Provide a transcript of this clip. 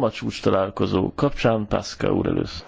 a csúcs találkozó kapcsán Pászka úr először.